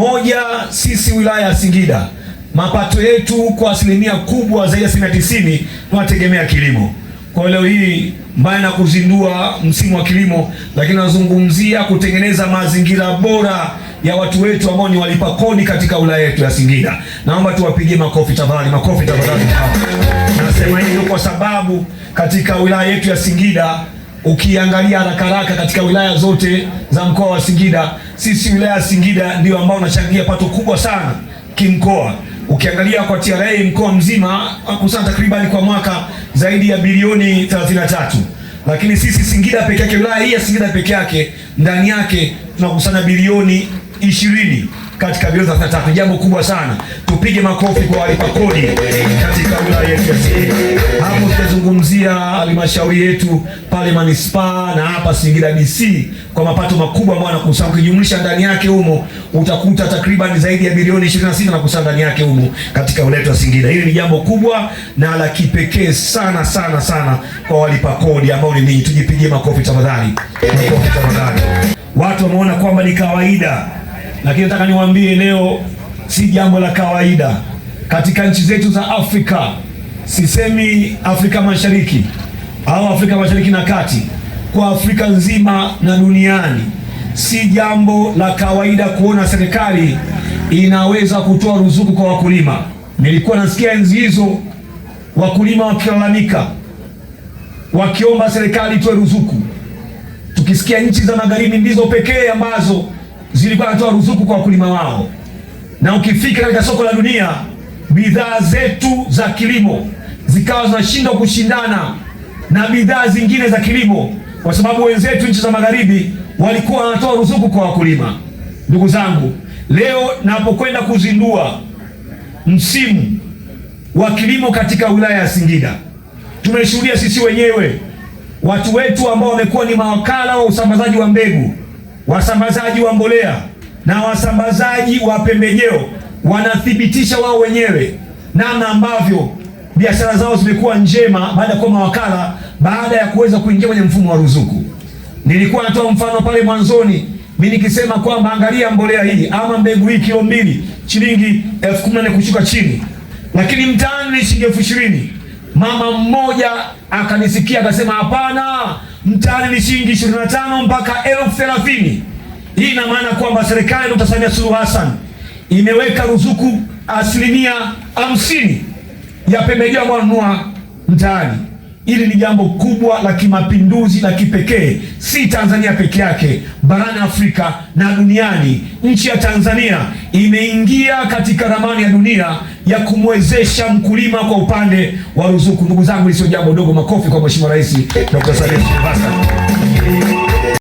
Moja, sisi wilaya ya Singida mapato yetu kwa asilimia kubwa zaidi ya asilimia tisini tunategemea kilimo. Kwa leo hii, mbali na kuzindua msimu wa kilimo, lakini nazungumzia kutengeneza mazingira bora ya watu wetu ambao ni walipa kodi katika wilaya yetu ya Singida. Naomba tuwapigie makofi tafadhali, makofi tafadhali. Nasema hili kwa sababu katika wilaya yetu ya Singida ukiangalia haraka haraka katika wilaya zote za mkoa wa Singida, sisi wilaya ya Singida ndio ambao unachangia pato kubwa sana kimkoa. Ukiangalia kwa TRA mkoa mzima kusana takribani kwa mwaka zaidi ya bilioni 33, lakini sisi Singida peke yake, wilaya hii ya Singida peke yake, ndani yake tunakusanya bilioni ishirini katika Biblia 33. Jambo kubwa sana, tupige makofi kwa walipa kodi katika wilaya yetu. Hapo tutazungumzia halmashauri yetu pale manispaa na hapa Singida DC kwa mapato makubwa ambayo anakusanya. Ukijumlisha ndani yake humo utakuta takriban zaidi ya bilioni 26 na nakusanya ndani yake humo katika wilaya ya Singida. Hili ni jambo kubwa na la kipekee sana sana sana kwa walipa kodi ambao ni ninyi. Tujipigie makofi tafadhali, makofi tafadhali. Watu wameona kwamba ni kawaida lakini nataka niwaambie leo si jambo la kawaida katika nchi zetu za Afrika. Sisemi Afrika Mashariki au Afrika Mashariki na Kati, kwa Afrika nzima na duniani, si jambo la kawaida kuona serikali inaweza kutoa ruzuku kwa wakulima. Nilikuwa nasikia enzi hizo wakulima wakilalamika, wakiomba serikali itoe ruzuku, tukisikia nchi za magharibi ndizo pekee ambazo zilikuwa natoa ruzuku kwa wakulima wao, na ukifika katika soko la dunia bidhaa zetu za kilimo zikawa zinashindwa kushindana na bidhaa zingine za kilimo, kwa sababu wenzetu nchi za magharibi walikuwa wanatoa ruzuku kwa wakulima. Ndugu zangu, leo napokwenda kuzindua msimu wa kilimo katika wilaya ya Singida, tumeshuhudia sisi wenyewe watu wetu ambao wamekuwa ni mawakala wa usambazaji wa mbegu wasambazaji wa mbolea na wasambazaji wa pembejeo wanathibitisha wao wenyewe namna ambavyo biashara zao zimekuwa njema baada ya kuwa mawakala, baada ya kuweza kuingia kwenye mfumo wa ruzuku. Nilikuwa natoa mfano pale mwanzoni, mimi nikisema kwamba angalia mbolea hii ama mbegu hii kilo mbili shilingi elfu kumi na nne kushuka chini, lakini mtaani ni shilingi elfu ishirini. Mama mmoja akanisikia akasema, hapana mtaani ni shilingi 25 mpaka elfu thelathini. Hii ina maana kwamba serikali ya Dkt. Samia Suluhu Hassan imeweka ruzuku asilimia hamsini ya pembejeo ambayo wanunua mtaani. Hili ni jambo kubwa la kimapinduzi la kipekee, si Tanzania peke yake, barani Afrika na duniani. Nchi ya Tanzania imeingia katika ramani ya dunia ya kumwezesha mkulima kwa upande wa ruzuku. Ndugu zangu, lisio jambo dogo. Makofi kwa Mheshimiwa Rais Dr. Samia Suluhu Hassan.